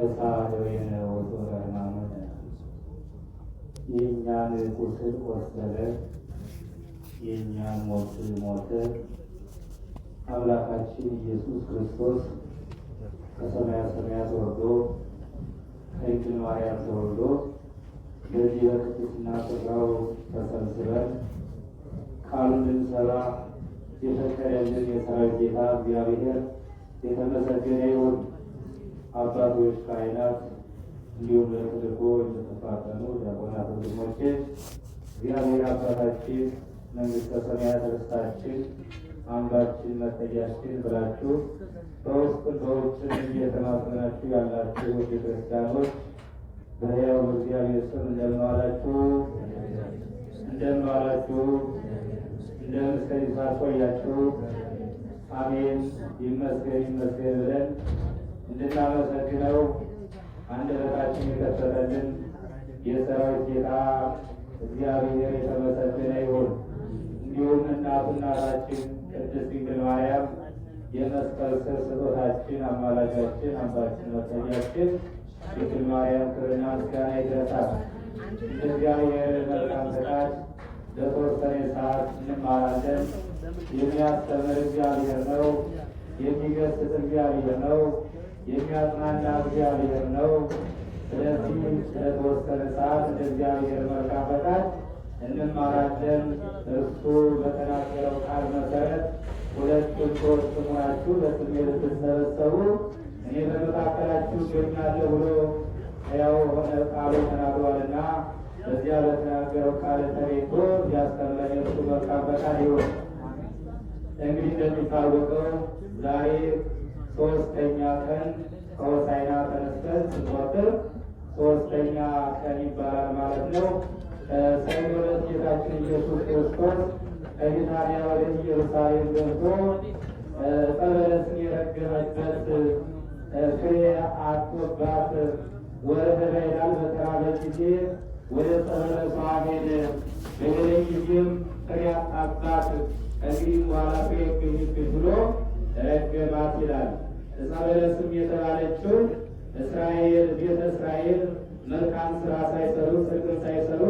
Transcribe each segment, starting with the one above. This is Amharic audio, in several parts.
ነሳ ደዌነ ወሶረ ሕማመነ የእኛን ቁስል ቆሰለ፣ የእኛን ሞት ሞተ። አምላካችን ኢየሱስ ክርስቶስ ከሰማያ ሰማያት ወርዶ ከድንግል ማርያም ተወልዶ በዚህ በቅድስና ስፍራው ተሰብስበን ቃሉን ልንሰራ የፈቀደልን የሰራዊት ጌታ እግዚአብሔር የተመሰገነ ይሁን። አባቶች፣ ካህናት እንዲሁም ለቅድቆ የተተፋቀኑ ዲያቆናት ወንድሞቼ እግዚአብሔር አባታችን መንግስተ ሰማያት ርስታችን አምባችን መጠጊያችን ብላችሁ በውስጥ በውጭም እየተማጸናችሁ ያላችሁ ወደ ክርስቲያኖች በሕያው እግዚአብሔር ስም እንደምንዋላችሁ እንደምንዋላችሁ እንደምን ቆያችሁ? አሜን። ይመስገን ይመስገን ብለን እንድናመሰግነው አንደበታችን የከፈተልን የሰራዊት ጌታ እግዚአብሔር የተመሰገነ ይሁን። እንዲሁም እናቱ እናታችን ቅድስት ድንግል ማርያም የመስቀል ስር ስጦታችን፣ አማላጃችን፣ አምባችን፣ መጠጊያችን ድንግል ማርያም ክብርና ምስጋና ይደረሳል። እግዚአብሔር መልካም ፈቃድ ለተወሰነ ሰዓት እንማራለን። የሚያስተምር እግዚአብሔር ነው። የሚገስጥ እግዚአብሔር ነው። የሚያጽናና እግዚአብሔር ነው። ስለዚህም ስለተወሰነ ሰዓት እንደ እግዚአብሔር መልካም ፈቃድ እንማራለን። እርሱ በተናገረው ቃል መሰረት ሁለቱም ሦስት ሆናችሁ በስሜ ብትሰበሰቡ እኔ በመካከላችሁ እገኛለሁ ብሎ ያው ሆነ ቃሉ ተናግሯልና በዚያ በተናገረው ቃል ተቤቶ ያስተምረን የእርሱ መልካም ፈቃድ ይሆን። እንግዲህ እንደሚታወቀው ዛሬ ሶስተኛ ቀን ከሆሳዕና ተነስተን ስንቆጥር ሶስተኛ ቀን ይባላል ማለት ነው። ሰኞ ዕለት ጌታችን ኢየሱስ ክርስቶስ ከቢታንያ ወደ ኢየሩሳሌም ገብቶ ዕፀ በለስን የረገመበት ፍሬ አጥቶባት ወረደ ይላል። በተራበ ጊዜ ወደ ዕፀ ሄደ። በሌለኝ ጊዜም ፍሬ አጣባት፣ ከእንግዲህ በኋላ ፍሬ ገኝብኝ ብሎ ረገማት ይላል። እፀበለስም የተባለችው እስራኤል ቤተ እስራኤል መልካም ስራ ሳይሰሩ ጽድቅን ሳይሰሩ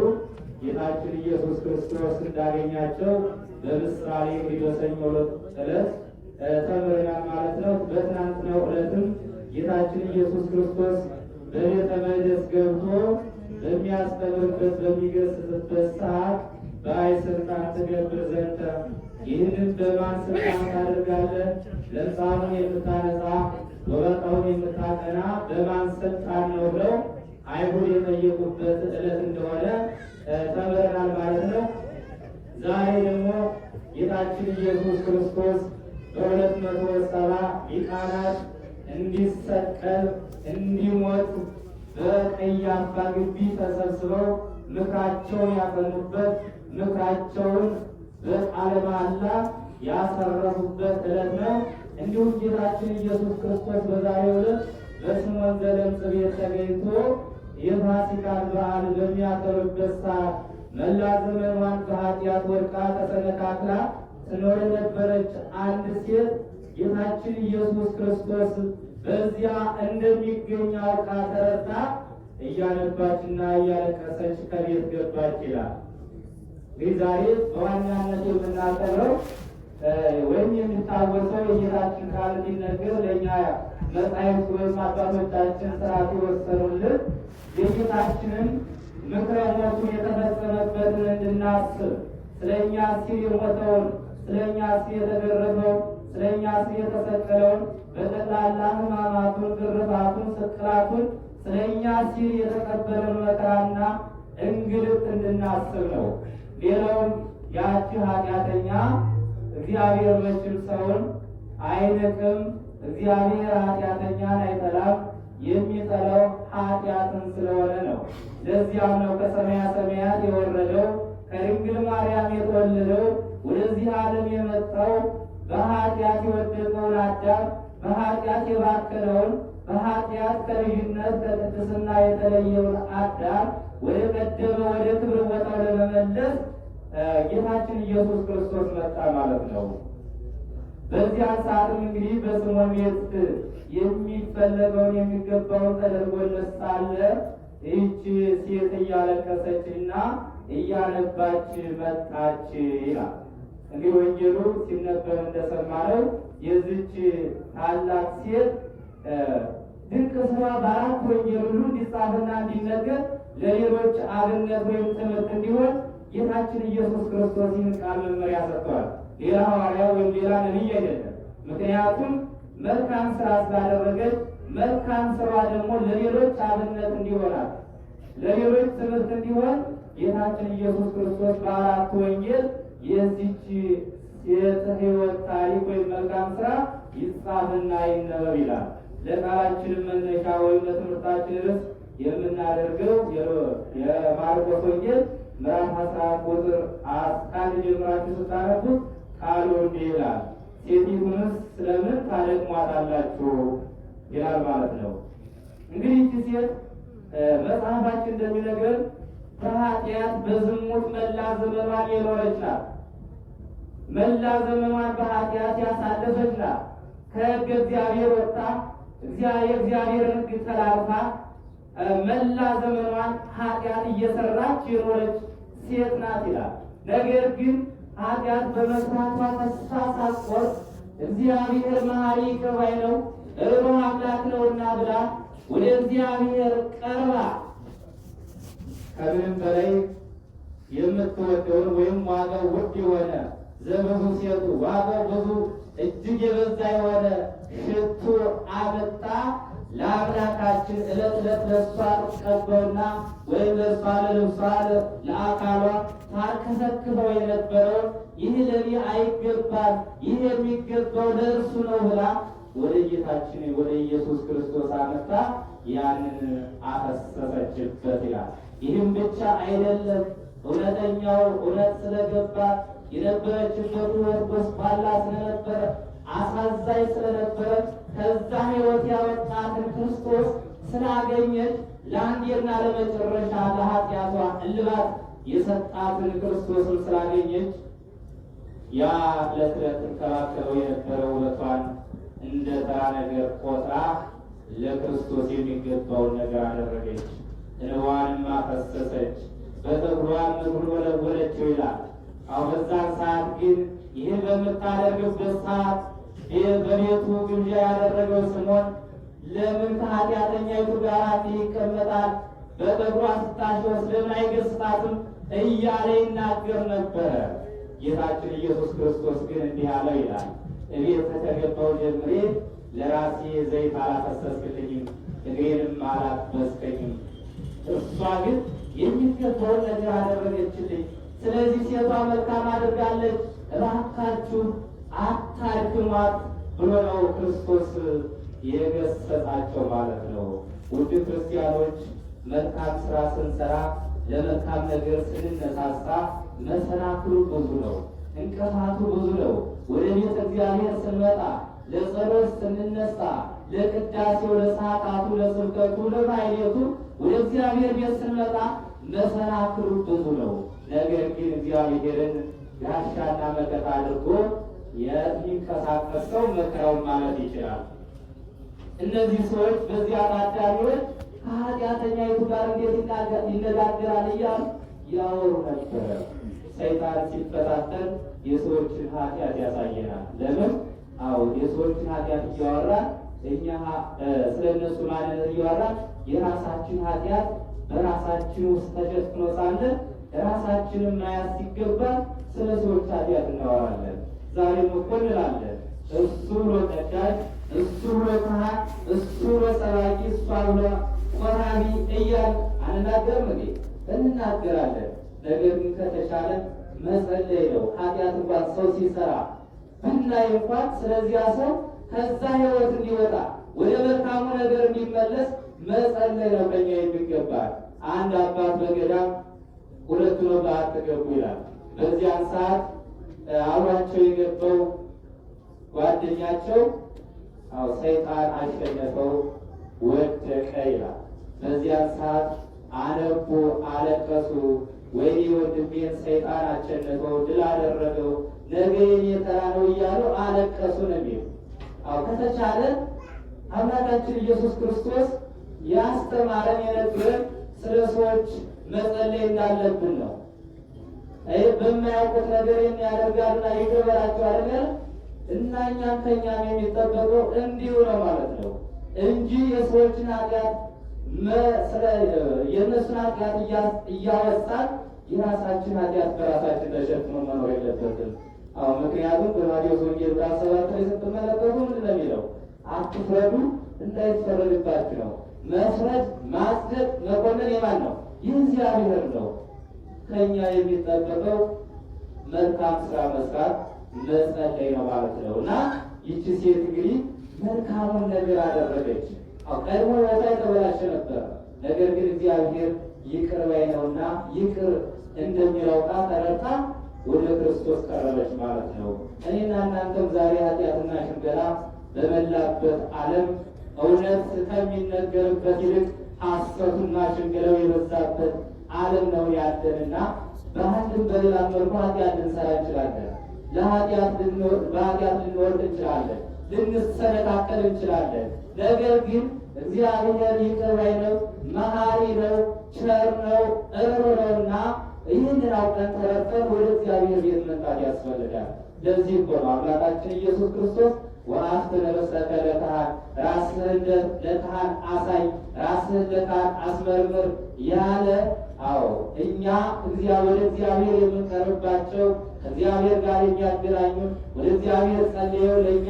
ጌታችን ኢየሱስ ክርስቶስ እንዳገኛቸው በምሳሌ እንግዲህ በሰኞ ዕለት ተምረናል ማለት ነው። በትናንትናው ዕለትም ጌታችን ኢየሱስ ክርስቶስ በቤተ መቅደስ ገብቶ በሚያስተምርበት በሚገስጽበት ሰዓት በአይ ስልጣን ትገብር ዘንተ ይህንን በማን ስልጣን ታደርጋለህ? ለምጻሙን የምታነጻ ጎበጣውን የምታጠና በማን ስልጣን ነው ብለው አይሁድ የጠየቁበት ዕለት እንደሆነ ተምረናል ማለት ነው። ዛሬ ደግሞ ጌታችን ኢየሱስ ክርስቶስ በሁለት መቶ ሰባ ዲቃናት እንዲሰቀል እንዲሞት በቀያፋ ግቢ ተሰብስበው ምክራቸውን ያፈኑበት ምክራቸውን በቃለ መሐላ ያሰረፉበት ዕለት ነው። እንዲሁም ጌታችን ኢየሱስ ክርስቶስ በዛሬው ዕለት በስምዖን ዘለምጽ ቤት ተገኝቶ የፋሲካን በዓል በሚያከብርበት ሰዓት መላ ዘመኗን በኃጢአት ወድቃ ተሰነካክላ ትኖር የነበረች አንድ ሴት ጌታችን ኢየሱስ ክርስቶስ በዚያ እንደሚገኝ አውቃ ተረታ እያነባችና እያለቀሰች ከቤት ገባች ይላል። ይህ ዛሬ በዋናነት የምናቀረው ወይም የሚታወሰው የጌታችን ቃል እንዲነገር ለእኛ መጽሐፍ ወይም አባቶቻችን ስርዓት የወሰኑልን የጌታችንን ምክረነቱ የተፈጸመበትን እንድናስብ ስለኛ ሲል የሞተውን ስለኛ ሲል የተገረፈውን ስለኛ ሲል የተሰቀለውን በጠቅላላ ሕማማቱን፣ ግርፋቱን፣ ስቅላቱን ስለኛ ሲል የተቀበለውን መከራና እንግልት እንድናስብ ነው። ሌላውም ያቺ ኃጢአተኛ እግዚአብሔር መችል ሰውን አይንቅም። እግዚአብሔር ኃጢአተኛን አይጠላም። የሚጠላው ኃጢአትን ስለሆነ ነው። ለዚያም ነው ከሰማያ ሰማያት የወረደው ከድንግል ማርያም የተወለደው ወደዚህ ዓለም የመጣው በኃጢአት የወደቀውን አዳም በኃጢአት የባከነውን በኃጢአት ከልዩነት ከቅድስና የተለየውን አዳም ወደ ቀደመ ወደ ክብር ቦታው ለመመለስ ጌታችን ኢየሱስ ክርስቶስ መጣ ማለት ነው። በዚያ ሰዓትም እንግዲህ በስምዖን ቤት የሚፈለገውን የሚገባውን ተደርጎለት ሳለ ይህች ሴት እያለቀሰችና እያነባች መጣች ይላል። እንግዲህ ወንጌሉ ሲነበብ እንደሰማነው የዚች ታላቅ ሴት ድንቅ ስራ በአራት ወንጌል ሁሉ እንዲጻፍና እንዲነገር ለሌሎች አብነት ወይም ትምህርት እንዲሆን ጌታችን ኢየሱስ ክርስቶስ ይህን ቃል መመሪያ ሰጥቷል። ሌላ ሐዋርያ ወይም ሌላ ነቢይ አይደለም። ምክንያቱም መልካም ስራ ስላደረገች መልካም ስራ ደግሞ ለሌሎች አብነት እንዲሆናል፣ ለሌሎች ትምህርት እንዲሆን ጌታችን ኢየሱስ ክርስቶስ በአራት ወንጌል የዚች ሴት ታሪክ ወይም መልካም ስራ ይጻፍና ይነበብ ይላል። ለቃላችንም መነሻ ወይም ለትምህርታችን ርዕስ የምናደርገው የማርቆስ ወንጌል ምዕራፍ አስራ ቁጥር ከአንድ ጀምራችሁ ስታነቡት ቃሉ እንዲህ ይላል፣ ሴቲቱንስ ስለምን ታደክሟታላችሁ ይላል ማለት ነው። እንግዲህ ይቺ ሴት መጽሐፋችን እንደሚነግረን በኃጢአት በዝሙት መላ ዘመኗን የኖረች ናት። መላ ዘመኗን በኃጢአት ያሳለፈች ናት። ከሕግ እግዚአብሔር ወጣ የእግዚአብሔርን ሕግ ተላልፋ መላ ዘመኗን ኃጢአት እየሰራች የኖረች ሴት ናት ይላል። ነገር ግን ኃጢአት በመስራቷ ተስፋ ሳትቆርጥ እግዚአብሔር መሐሪ ይቅርባይ ነው ርኅሩኅ አምላክ ነውና ብላ ወደ እግዚአብሔር ቀርባ ከምንም በላይ የምትወደውን ወይም ዋጋው ውድ የሆነ ዘብዙ ሴቱ ዋጋው ብዙ እጅግ የበዛ የሆነ ሽቱ አመጣ። ለአምላካችን እለት እለት ለእሷ ቀበውና ወይም ለእሷ ለልብሷ ለአካሏ ታርከሰክበው የነበረው ይህ ለእኔ አይገባል፣ ይህ የሚገባው ለእርሱ ነው ብላ ወደ ጌታችን ወደ ኢየሱስ ክርስቶስ አመጣ ያንን አፈሰሰችበት ይላል። ይህም ብቻ አይደለም። እውነተኛው እውነት ስለገባ የነበረችበት ወርቆስ ባላ ስለነበረ አሳዛኝ ስለነበረ ከዛ ሕይወት ያወጣትን ክርስቶስ ስላገኘት ለአንዴና ለመጨረሻ ለኃጢአቷ እልባት የሰጣትን ክርስቶስን ስላገኘች ያ ዕለት ዕለት ትንከባከበው የነበረ ውበቷን እንደ ተራ ነገር ቆጥራ ለክርስቶስ የሚገባውን ነገር አደረገች። እንባዋንም አፈሰሰች፣ በፀጉሯም እግሩን ወለወለችው ይላል። አሁን በዛን ሰዓት ግን ይህን በምታደርግበት ሰዓት በቤቱ ግብዣ ያደረገው ስምዖን ለምን ከኃጢአተኛይቱ ጋር ይቀመጣል? በጠጉሯ ስታሸት ለምን አይገስጣትም? እያለ ይናገር ነበረ። ጌታችን ኢየሱስ ክርስቶስ ግን እንዲህ አለው ይላል፣ እቤት ከተገባው ጀምሬ ለራሴ ዘይት አላፈሰስክልኝም፣ እግሬንም አላበስከኝም። እሷ ግን የሚገባውን ነገር አደረገችልኝ። ስለዚህ ሴቷ መልካም አድርጋለች። እባካችሁ አታክማት ብሎ ነው ክርስቶስ የገሰጻቸው ማለት ነው። ውድ ክርስቲያኖች መልካም ስራ ስንሰራ ለመልካም ነገር ስንነሳሳ መሰናክሉ ብዙ ነው፣ እንቅፋቱ ብዙ ነው። ወደ ቤተ እግዚአብሔር ስንመጣ፣ ለጸሎት ስንነሳ፣ ለቅዳሴው፣ ለሰዓታቱ፣ ለስብከቱ፣ ለማይሌቱ ወደ እግዚአብሔር ቤት ስንመጣ መሰናክሉ ብዙ ነው። ነገር ግን እግዚአብሔርን ጋሻና መከታ አድርጎ የሚንቀሳቀሰው ሰው መከራው ማለት ይችላል። እነዚህ ሰዎች በዚያ ታዳሚዎች ከኃጢአተኛይቱ ጋር እንዴት ይነጋገራል እያሉ ያወሩ ነበረ። ሰይጣን ሲፈታተን የሰዎችን ኃጢአት ያሳየናል። ለምን? አዎ የሰዎችን ኃጢአት እያወራ እኛ ስለ እነሱ ማንነት እያወራ የራሳችን ኃጢአት በራሳችን ውስጥ ተሸፍኖ ሳለ ራሳችንን ማያዝ ሲገባ ስለ ሰዎች ኃጢአት እናወራለን። ዛሬ እኮ እንላለን እሱ ብሎ ቀዳጅ፣ እሱ ብሎ ካህን፣ እሱ ብሎ ሰባኪ፣ እሷ ብሎ ቆራቢ እያል አንናገርም እንዴ? እንናገራለን። ነገር ግን ከተቻለ መጸለይ ነው። ኃጢአት እንኳን ሰው ሲሰራ ብናይ እንኳን ስለዚያ ሰው ከዛ ህይወት እንዲወጣ ወደ መልካሙ ነገር እንዲመለስ መጸለይ ነው ከኛ የሚገባል። አንድ አባት በገዳም ሁለቱ ነው በዓት ተገቡ ይላል። በዚያን ሰዓት አብሯቸው የገባው ጓደኛቸው አው ሰይጣን አሸነፈው ወደቀ ይላል። በዚያን ሰዓት አነቡ፣ አለቀሱ። ወይኔ ወንድሜን ሰይጣን አሸነፈው፣ ድል አደረገው፣ ነገ የኔ ተራ ነው እያሉ አለቀሱ ነው የሚሉ አው ከተቻለ አምላካችን ኢየሱስ ክርስቶስ ያስተማረን የነገረን ስለ ሰዎች መጸለይ እንዳለብን ነው። ይህ በማያውቁት ነገር የሚያደርጋልና ይገበራቸው አይደል? እና እኛም ከእኛም የሚጠበቀው እንዲሁ ነው ማለት ነው እንጂ የሰዎችን ኃጢአት የእነሱን ኃጢአት እያወሳን የራሳችን ኃጢአት በራሳችን ተሸክሞ መኖር የለበትም። አሁ ምክንያቱም በማቴዎስ ወንጌል ምዕራፍ ሰባት ላይ ስትመለከቱ ምንድን ነው የሚለው? አትፍረዱ እንዳይፈረድባችሁ ነው። መፍረድ ማስደቅ መኮንን የማን ነው? ይህ እግዚአብሔር ነው። ከኛ የሚጠበቀው መልካም ስራ መስራት መጸለይ ነው ማለት ነው። እና ይቺ ሴት እንግዲህ መልካሙን ነገር አደረገች። ቀድሞ ሕይወቷ የተበላሸ ነበር። ነገር ግን እግዚአብሔር ይቅር ባይ ነውና ይቅር እንደሚለውቃ ተረድታ ወደ ክርስቶስ ቀረበች ማለት ነው። እኔና እናንተም ዛሬ ኃጢአትና ሽንገላ በመላበት ዓለም እውነት ከሚነገርበት ይልቅ ሐሰቱና ሽንገላው የበዛበት ዓለም ነው ያለንና በአንድም በሌላ መልኩ ኃጢአት ልንሰራ እንችላለን። ለኃጢአት በኃጢአት ልንወርድ እንችላለን። ልንሰነካከል እንችላለን። ነገር ግን እግዚአብሔር ይቅር ባይ ነው፣ መሐሪ ነው፣ ቸር ነው፣ እሩ ነውና ይህንን አውቀን ተረድተን ወደ እግዚአብሔር ቤት መምጣት ያስፈልጋል። ለዚህ እኮ ነው አምላካችን ኢየሱስ ክርስቶስ ወአፍት ለበሰከ ለካህን ራስህን ለካህን አሳይ፣ ራስህን ለካህን አስመርምር ያለ አዎ እኛ እግዚአ ወደ እግዚአብሔር የምንቀርባቸው ከእግዚአብሔር ጋር የሚያገናኙን ወደ እግዚአብሔር ጸልየው ለእኛ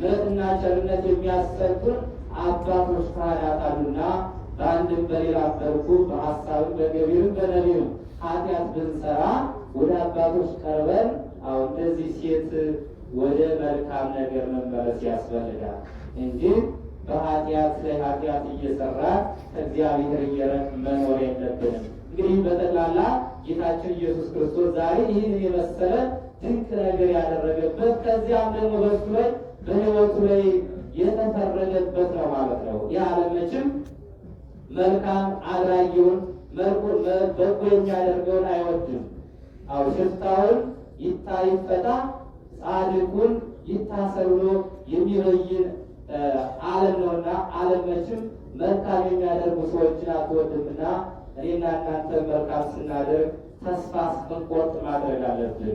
ምሕረትና ቸርነት የሚያሰጡን አባቶች ካህናት አሉና በአንድም በሌላ መልኩ በሀሳብም በገቢርም በነቢርም ኃጢአት ብንሰራ ወደ አባቶች ቀርበን አሁ እንደዚህ ሴት ወደ መልካም ነገር መመለስ ያስፈልጋል እንጂ በኃጢአት ላይ ኃጢአት እየሰራ ከእግዚአብሔር እየረ መኖር የለብንም። ግን በጠቅላላ ጌታችን ኢየሱስ ክርስቶስ ዛሬ ይህን የመሰለ ድንቅ ነገር ያደረገበት ከዚያም ደግሞ በሱ ላይ በህይወቱ ላይ የተፈረደበት ነው ማለት ነው። ይህ ዓለም መቼም መልካም አድራጊውን በጎ የሚያደርገውን አይወድም። አው ሽፍታውን ይታይፈታ ፈታ ጻድቁን ይታሰር የሚበይን ዓለም ነውና ዓለም መቼም መልካም የሚያደርጉ ሰዎችን አትወድምና እኔና እናንተ መልካም ስናደርግ ተስፋ ስንቆርጥ ማድረግ አለብን።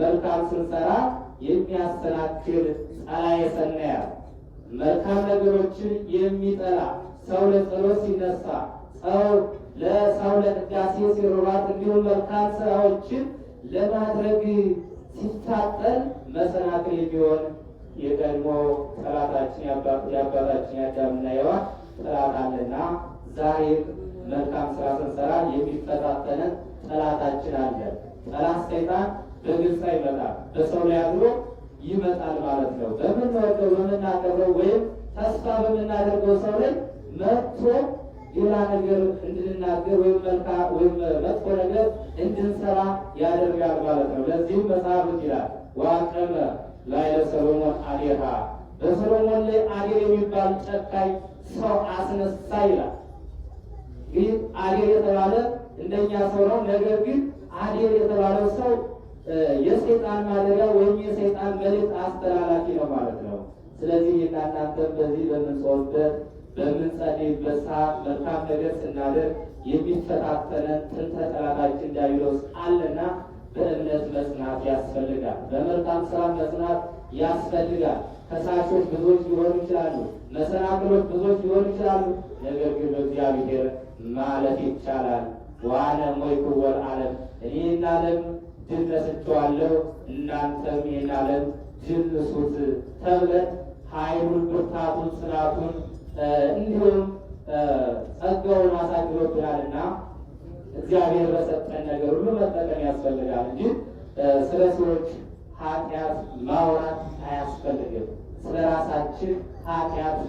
መልካም ስንሰራ የሚያሰናክል ጸላዬ ሰናያል መልካም ነገሮችን የሚጠላ ሰው ለጸሎት ሲነሳ ሰው ለሰው ለቅዳሴ ሲሮባት እንዲሁም መልካም ስራዎችን ለማድረግ ሲታጠል መሰናክል የሚሆን የቀድሞ ጠላታችን የአባታችን ያዳምና የዋህ ዛሬ መልካም ስራ ስንሰራ የሚፈታተነ ጠላታችን አለ። ጠላት ሰይጣን በግልጽ አይመጣም፣ በሰው ላይ አድሮ ይመጣል ማለት ነው። በምንወደው በምናከብረው ወይም ተስፋ በምናደርገው ሰው ላይ መጥቶ ሌላ ነገር እንድንናገር ወይም መልካ ወይም መጥፎ ነገር እንድንሰራ ያደርጋል ማለት ነው። ለዚህም መጽሐፍ ይላል ዋቀመ ላዕለ ሰሎሞን አዴሃ በሰሎሞን ላይ አሌ የሚባል ጨካኝ ሰው አስነሳ ይላል። እንግዲህ አዴር የተባለ እንደኛ ሰው ነው። ነገር ግን አዴር የተባለው ሰው የሰይጣን ማደሪያ ወይም የሰይጣን መልእክት አስተላላፊ ነው ማለት ነው። ስለዚህ እናንተም በዚህ በምንጾምበት በምንጸልይበት ሰዓት መልካም ነገር ስናደርግ የሚፈታተነን ጥንተ ጠላታችን ዲያብሎስ አለና በእምነት መጽናት ያስፈልጋል። በመልካም ስራ መጽናት ያስፈልጋል። ከሳሾች ብዙዎች ሊሆኑ ይችላሉ፣ መሰናክሎች ብዙዎች ሊሆኑ ይችላሉ። ነገር ግን በእግዚአብሔር ማለፍ ይቻላል። ዋነ ሞይክወል ዓለም እኔን ዓለም ድል ነስቼዋለሁ፣ እናንተም ይህን ዓለም ድል ንሱት ተብለን ኃይሉን ብርታቱን፣ ጽናቱን እንዲሁም ጸጋውን አሳድሮብናልና እግዚአብሔር በሰጠን ነገር ሁሉ መጠቀም ያስፈልጋል እንጂ ስለ ሰዎች ኃጢአት ማውራት አያስፈልግም። ስለ ራሳችን ኃጢአት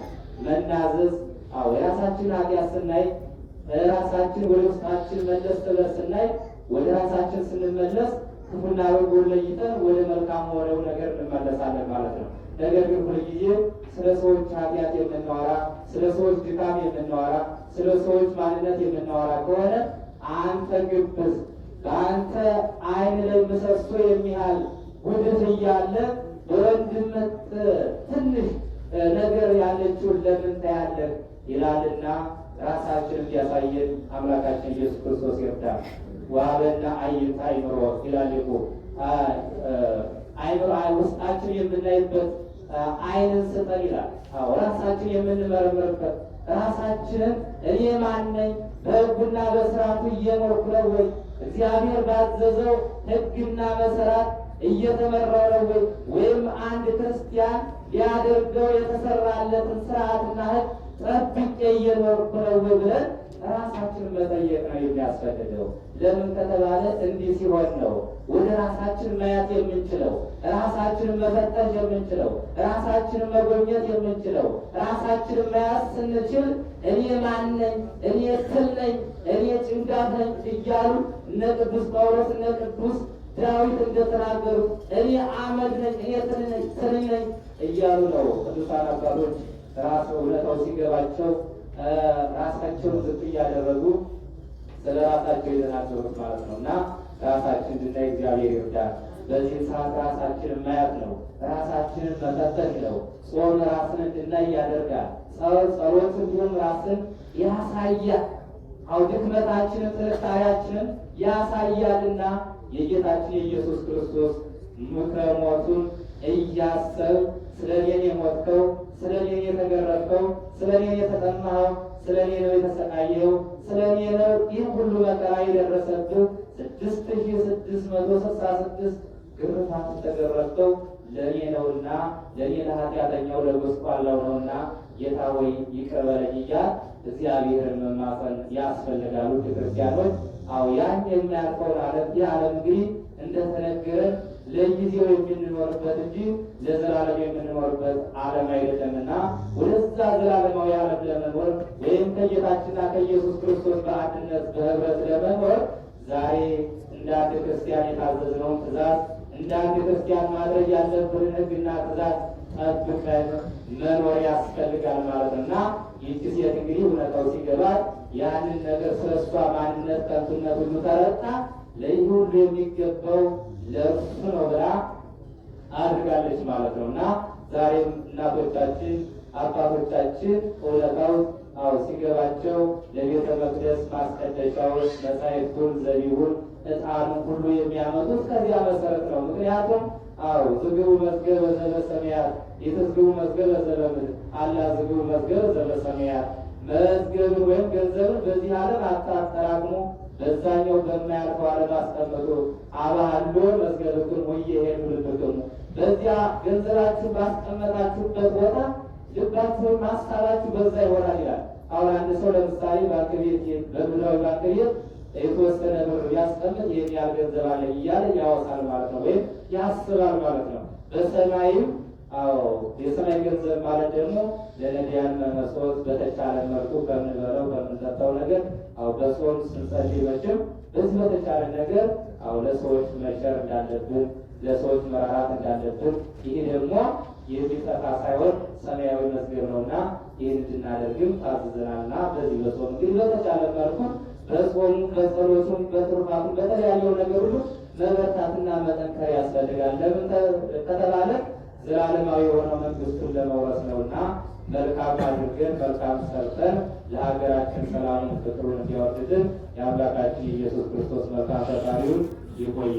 መናዘዝ አዎ የራሳችን ኃጢአት ስናይ ራሳችን ወደ ውስጣችን መለስ ብለን ስናይ ወደ ራሳችን ስንመለስ ክፉና በጎን ለይተን ወደ መልካም ሆነው ነገር እንመለሳለን ማለት ነው። ነገር ግን ሁልጊዜ ስለ ሰዎች ኃጢአት የምናወራ፣ ስለ ሰዎች ድካም የምናወራ፣ ስለ ሰዎች ማንነት የምናወራ ከሆነ አንተ ግብዝ በአንተ ዓይን ላይ የሚያህል ጉድፍ እያለ ለወንድምህ ትንሽ ነገር ያለችውን ለምን ታያለህ? ይላልና ራሳችን እንዲያሳየን አምላካችን ኢየሱስ ክርስቶስ ይርዳ። ዋበና አይታ አይምሮ ይላል እኮ አይምሮ ውስጣችን የምናይበት አይንን ስጠን ይላል። አዎ ራሳችን የምንመረምርበት ራሳችንን እኔ ማን ነኝ በሕጉና በስርዓቱ እየኖርኩ ነው ወይ እግዚአብሔር ባዘዘው ሕግና መሰራት እየተመረረ ወይም አንድ ክርስቲያን ሊያደርገው የተሰራለትን ስርዓትና ሕግ ጠብቄ እየኖርኩ ነው ብለን ራሳችን መጠየቅ ነው የሚያስፈልገው። ለምን ከተባለ እንዲህ ሲሆን ነው ወደ ራሳችን ማየት የምንችለው፣ ራሳችንን መፈተሽ የምንችለው፣ ራሳችንን መጎብኘት የምንችለው። ራሳችንን መያዝ ስንችል እኔ ማን ነኝ፣ እኔ ትል ነኝ፣ እኔ ጭንጋፍ ነኝ እያሉ እነ ቅዱስ ጳውሎስ እነ ቅዱስ ዳዊት እንደተናገሩ እኔ አመድ ነኝ፣ እኔ ትንኝ ነኝ እያሉ ነው ቅዱሳን አባቶች ራስ እውነታው ሲገባቸው ራሳቸውን ዝቅ እያደረጉ ስለ ራሳቸው የተናገሩት ማለት ነው። እና ራሳችን እንድናይ እግዚአብሔር ይርዳል። በዚህ ሰዓት ራሳችንን ማየት ነው፣ ራሳችንን መፈተሽ ነው። ጾም ራስን እንድናይ ያደርጋል። ጸሎት እንዲሁም ራስን ያሳያል። አውድክመታችንን ጥንካሬያችንን ያሳያልና የጌታችን የኢየሱስ ክርስቶስ ምክረሞቱን እያሰብ ስለ እኔን የሞትከው፣ ስለ እኔን የተገረፍከው፣ ስለ እኔን የተጠማኸው፣ ስለ እኔ ነው የተሰቃየው ስለ እኔ ነው ይህ ሁሉ መከራ የደረሰብህ ስድስት ሺ ስድስት መቶ ስልሳ ስድስት ግርፋት ተገረፍከው ለእኔ ነውና ለእኔ ለኃጢአተኛው ለጎስቋላው ነውና ጌታ ወይ ይቅር በለኝ እያል እግዚአብሔርን መማፀን ያስፈልጋሉ። ክርስቲያኖች አው ያን የሚያልፈውን ዓለም ይህ ዓለም እንግዲህ እንደተነገረ ለጊዜው የምንኖርበት እንጂ ለዘላለም የምንኖርበት ዓለም አይደለምና ወደዛ ዘላለማዊ ዓለም ለመኖር ወይም ከጌታችንና ከኢየሱስ ክርስቶስ በአንድነት በህብረት ለመኖር ዛሬ እንደ አንድ ክርስቲያን የታዘዝነውን ትእዛዝ እንደ አንድ ክርስቲያን ማድረግ ያለብን ህግና ትእዛዝ ጠብቀን መኖር ያስፈልጋል ማለት እና ይህቺ ሴት እንግዲህ እውነታው ሲገባት ያንን ነገር ስለሷ ማንነት ከንቱነት ሁሉ ተረድታ ለይህ የሚገባው ለእርሱ ነው ብላ አድርጋለች ማለት ነው እና ዛሬም እናቶቻችን አባቶቻችን እውነታው አዎ ሲገባቸው ለቤተ መቅደስ ማስቀደሻውን መጻሕፍቱን ዘቢቡን ዕጣን ሁሉ የሚያመጡት ከዚያ መሰረት ነው። ምክንያቱም አዎ ዝግቡ መዝገበ ዘለሰማያት የተዝግቡ መዝገበ ዘለምድር አላ ዝግቡ መዝገበ ዘለሰማያት መዝገብ ወይም ገንዘብን በዚህ ዓለም አታጠራቅሞ በዛኛው በማያልፈው ዓለም አስቀምጡ። አባህሎ መዝገብክን ወየ ሄዱልብክሙ በዚያ ገንዘባችሁ ባስቀመጣችሁበት ቦታ ልባችሁን ማሳባችሁ በዛ ይሆናል ይላል። አሁን አንድ ሰው ለምሳሌ ባንክ ቤት በምድራዊ ባንክ ቤት የተወሰነ ብር ቢያስቀምጥ ይህን ያህል ገንዘብ አለ እያለ ያወሳል ማለት ነው፣ ወይም ያስባል ማለት ነው። በሰማይም አዎ የሰማይ ገንዘብ ማለት ደግሞ ለነዳያን መመስወት በተቻለ መልኩ ከምንበለው ከምንጠጣው ነገር አው በጾም ስንጸልይ መቼም በዚህ በተቻለ ነገር አው ለሰዎች መቸር እንዳለብን ለሰዎች መራራት እንዳለብን ይሄ ደግሞ የሚጠፋ ሳይሆን ሰማያዊ መዝገብ ነውና ይህን እንድናደርግም ታዝዘናልና በዚህ በጾም ግን በተቻለ መልኩ በጾሙ በጸሎቱም በተለያየ በተለያዩ ነገሮች መበርታትና መጠንከር ያስፈልጋል። ለምን ከተባለ ዘላለማዊ የሆነው መንግስቱን ለመውረስ ነውና መልካም አድርገን መልካም ሰርተን ለሀገራችን ሰላም ፍቅሩን እንዲያወርድልን የአምላካችን ኢየሱስ ክርስቶስ መልካም ፈጣሪውን ይቆየ።